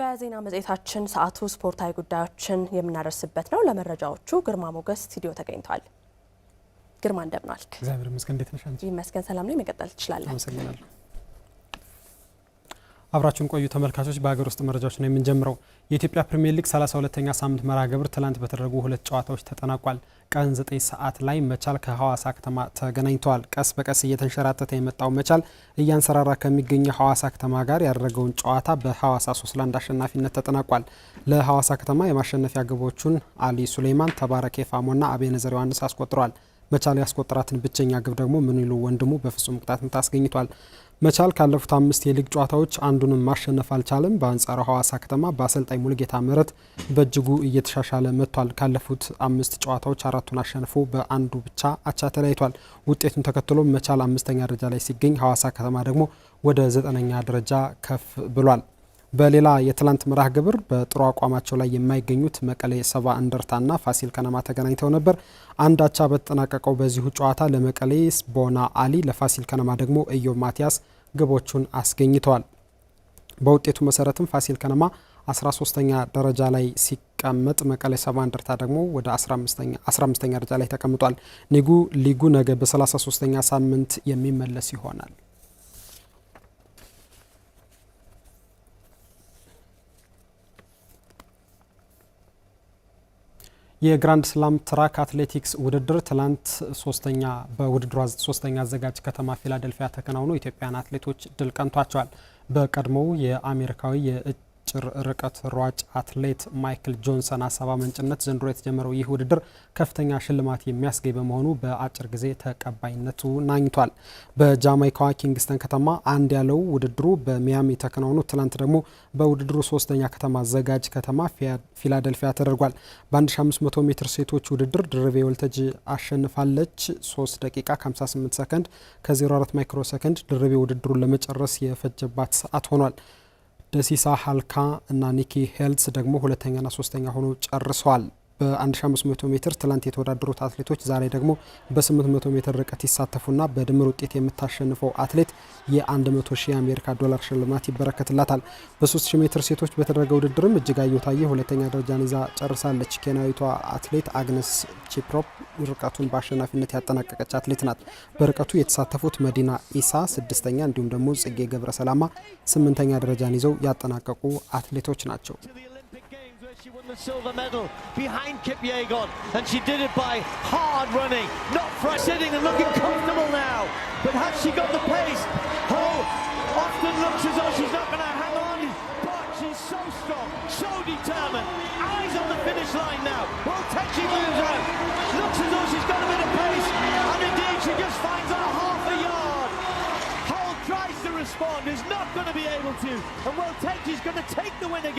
በዜና መጽሔታችን ሰዓቱ ስፖርታዊ ጉዳዮችን የምናደርስበት ነው። ለመረጃዎቹ ግርማ ሞገስ ስቱዲዮ ተገኝቷል። ግርማ እንደምናልክ። እግዚአብሔር ይመስገን። እንዴት ነሽ ይመስገን ሰላም ነው። መቀጠል ትችላለህ። አመሰግናለሁ። አብራችሁን ቆዩ ተመልካቾች። በሀገር ውስጥ መረጃዎች ነው የምንጀምረው። የኢትዮጵያ ፕሪምየር ሊግ 32ኛ ሳምንት መርሃ ግብር ትላንት በተደረጉ ሁለት ጨዋታዎች ተጠናቋል። ቀን 9 ሰዓት ላይ መቻል ከሐዋሳ ከተማ ተገናኝተዋል። ቀስ በቀስ እየተንሸራተተ የመጣው መቻል እያንሰራራ ከሚገኘው ሐዋሳ ከተማ ጋር ያደረገውን ጨዋታ በሐዋሳ 3 ለአንድ አሸናፊነት ተጠናቋል። ለሐዋሳ ከተማ የማሸነፊያ ግቦቹን አሊ ሱሌይማን፣ ተባረኬ ፋሞና አቤነዘር ዮሐንስ አስቆጥረዋል። መቻል ያስቆጠራትን ብቸኛ ግብ ደግሞ ምንይሉ ወንድሙ በፍጹም ቅጣት ምት አስገኝቷል። መቻል ካለፉት አምስት የሊግ ጨዋታዎች አንዱንም ማሸነፍ አልቻለም። በአንጻሩ ሐዋሳ ከተማ በአሰልጣኝ ሙልጌታ ምህረት በእጅጉ እየተሻሻለ መጥቷል። ካለፉት አምስት ጨዋታዎች አራቱን አሸንፎ በአንዱ ብቻ አቻ ተለያይቷል። ውጤቱን ተከትሎ መቻል አምስተኛ ደረጃ ላይ ሲገኝ፣ ሐዋሳ ከተማ ደግሞ ወደ ዘጠነኛ ደረጃ ከፍ ብሏል። በሌላ የትላንት መርሃ ግብር በጥሩ አቋማቸው ላይ የማይገኙት መቀሌ ሰባ እንደርታና ፋሲል ከነማ ተገናኝተው ነበር። አንድ አቻ በተጠናቀቀው በዚሁ ጨዋታ ለመቀሌ ቦና አሊ፣ ለፋሲል ከነማ ደግሞ እዮ ማቲያስ ግቦቹን አስገኝተዋል። በውጤቱ መሰረትም ፋሲል ከነማ 13ኛ ደረጃ ላይ ሲቀመጥ መቀሌ ሰባ እንደርታ ደግሞ ወደ 15ኛ ደረጃ ላይ ተቀምጧል። ሊጉ ነገ በ33ኛ ሳምንት የሚመለስ ይሆናል። የግራንድ ስላም ትራክ አትሌቲክስ ውድድር ትላንት ሶስተኛ በውድድሩ ሶስተኛ አዘጋጅ ከተማ ፊላደልፊያ ተከናውኖ ኢትዮጵያን አትሌቶች ድል ቀንቷቸዋል። በቀድሞው የአሜሪካዊ ጭር ርቀት ሯጭ አትሌት ማይክል ጆንሰን ሀሳብ አመንጭነት ዘንድሮ የተጀመረው ይህ ውድድር ከፍተኛ ሽልማት የሚያስገኝ በመሆኑ በአጭር ጊዜ ተቀባይነቱ ናኝቷል። በጃማይካዋ ኪንግስተን ከተማ አንድ ያለው ውድድሩ በሚያሚ የተከናወኑ፣ ትናንት ደግሞ በውድድሩ ሶስተኛ ከተማ አዘጋጅ ከተማ ፊላደልፊያ ተደርጓል። በ1500 ሜትር ሴቶች ውድድር ድርቤ ወልተጅ አሸንፋለች። 3 ደቂቃ 58 ሰከንድ ከ04 ማይክሮ ሰከንድ ድርቤ ውድድሩን ለመጨረስ የፈጀባት ሰዓት ሆኗል። ደሲሳ ሀልካ እና ኒኪ ሄልስ ደግሞ ሁለተኛና ሶስተኛ ሆኖ ጨርሷል። በ1500 ሜትር ትላንት የተወዳደሩት አትሌቶች ዛሬ ደግሞ በ800 ሜትር ርቀት ይሳተፉና በድምር ውጤት የምታሸንፈው አትሌት የ100 ሺህ የአሜሪካ ዶላር ሽልማት ይበረከትላታል። በ3000 ሜትር ሴቶች በተደረገ ውድድርም እጅጋየሁ ታየ ሁለተኛ ደረጃን ይዛ ጨርሳለች። ኬንያዊቷ አትሌት አግነስ ቺፕሮፕ ርቀቱን በአሸናፊነት ያጠናቀቀች አትሌት ናት። በርቀቱ የተሳተፉት መዲና ኢሳ ስድስተኛ እንዲሁም ደግሞ ጽጌ ገብረ ሰላማ ስምንተኛ ደረጃን ይዘው ያጠናቀቁ አትሌቶች ናቸው። She won the silver medal behind Kip Yegon, and she did it by hard running, not fresh hitting and looking comfortable now. But has she got the pace? Ho oh, often looks as though she's not going to hang on, but she's so strong, so determined. Eyes on the finish line now. Well, Techi moves out. Looks as though she's got a bit of pace, and indeed she just finds out half a yard. Ho tries to respond, is not going to be able to, and well, Techi's going to take the win again.